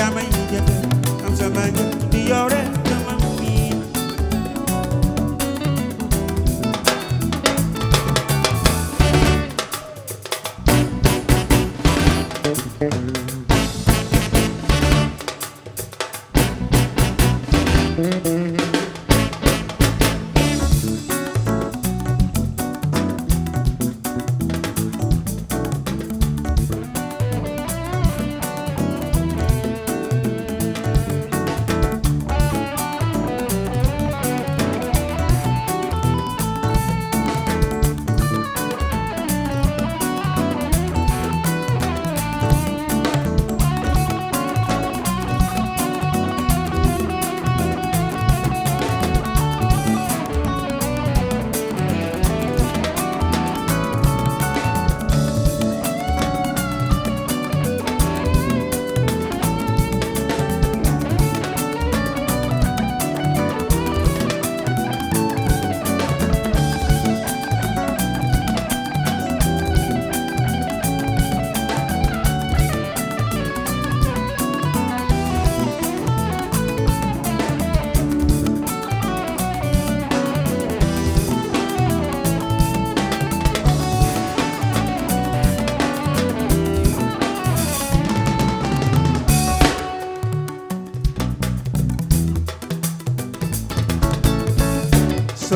yaa may jëfee am sama njëg di yow rek sama miin. Mm-hmm.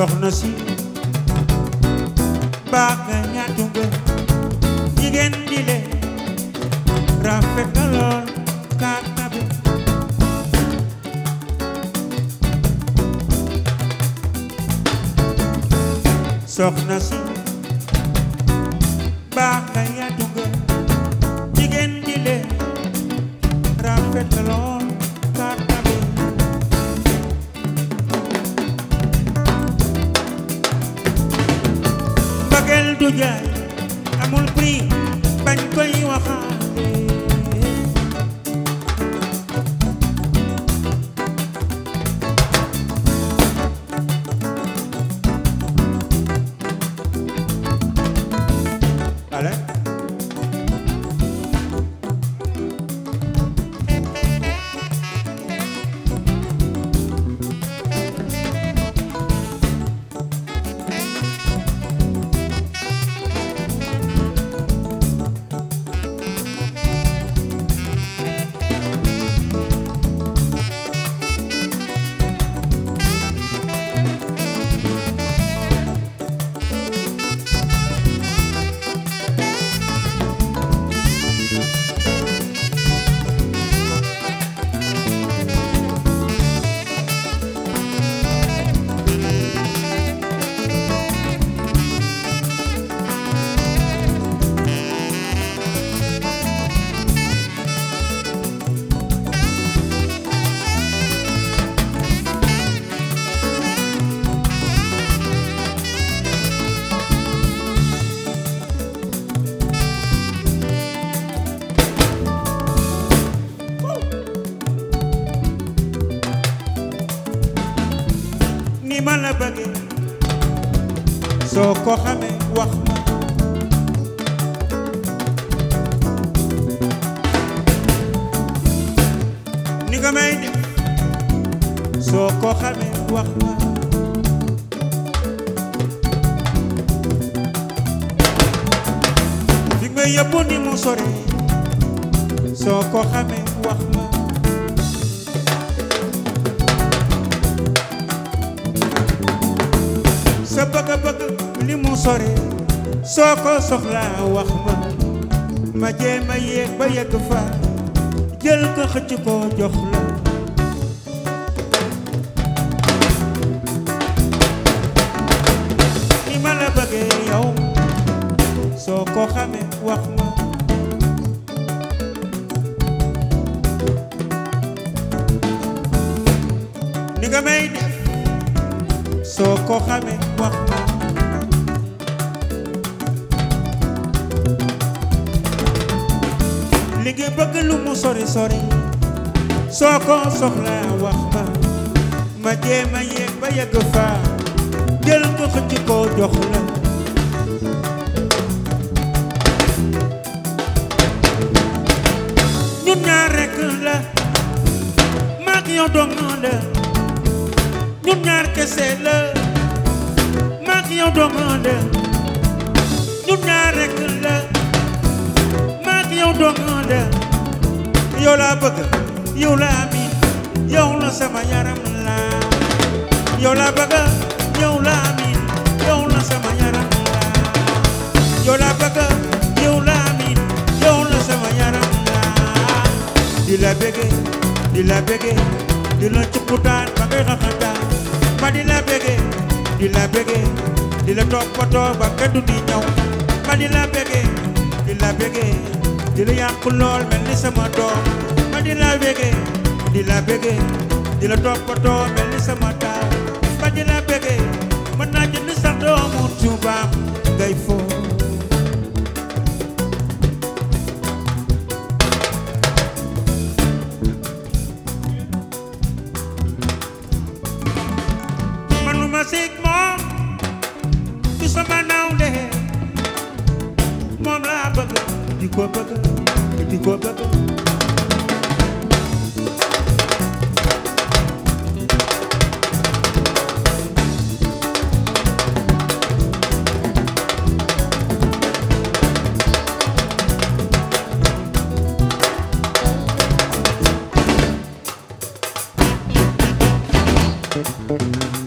soxna si baax nga ñaatu nga jigéen di le rafet na lool kaata bi soxna si baax nga ñaatu nga jigéen di le rafet na lool jaay ko xame wax ma ni nga may def soo ko xame wax ma fi nga yóbbu ni mu sore soo ko xame wax ma sa bëgg-bëgg ni mu sore soo ko soxlaa wax ma ma jéem a yéeg ba yegg fa jël ko xëcc ko jox la ni ma la bëggee yow soo ko xamee wax ma ni nga may def soo ko xamee wax ma li nga bëgg lu mu sori sori soo ko soxla wax ma ma jéema yéeg ba yegg fa jël ko xëcc jox la ñun ñaar rekk la maak yow dong la ñun ñaar kese la maak yow dong la ñun ñaar rekk yow dong de yow laa bëgg yow laa miin yow la sama yaram la yow laa bëgg yow laa miin yow la sama yaram la yow laa bëgg yow laa miin yow la sama yaram la di la bëgg di la bëgg di la cukkutaan ba ngay xaxataan ma di la bëgg di la bëgg di la toppatoo ba kaddu di ñëw ma di la bëgg di la bëgg di la yàqu lool mel ni sama doom ma di la bége di la bége di la toppatoo mel ni sama ma di la bége mën naa jënd sax doomu tubaab ngay fo Thank mm -hmm. you.